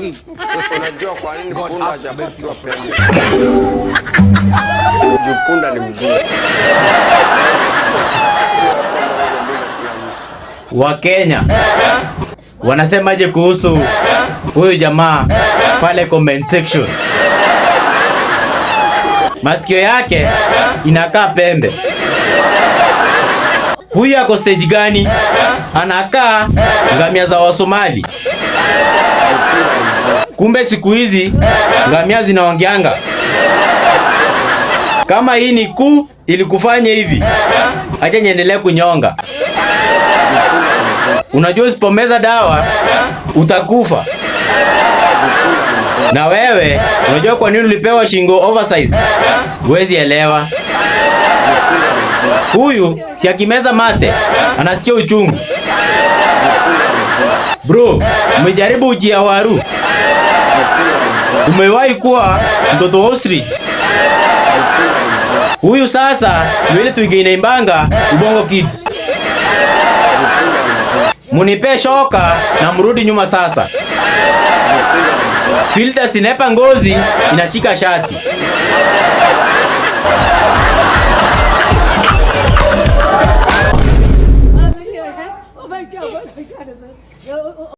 Mm. Unajua kwa nini punda pembe? Wakenya wanasemaje kuhusu huyu jamaa pale comment section? Masikio yake inakaa pembe. Huyu ako stage gani? Anakaa ngamia za Wasomali. Kumbe siku hizi ngamia zinaongeanga. kama hii ni kuu ilikufanya hivi. Acha niendelee kunyonga. Unajua usipomeza dawa utakufa. Na wewe unajua kwa nini ulipewa shingo oversize? Huwezi elewa. Huyu si akimeza mate anasikia uchungu. Bro, umejaribu uji ya waru? Umewahi kuwa mtoto ostrich? Huyu sasa ni ile tuige inaimbanga Ubongo Kids. Munipe shoka na mrudi nyuma sasa. Filter sinepa ngozi inashika shati. เยอ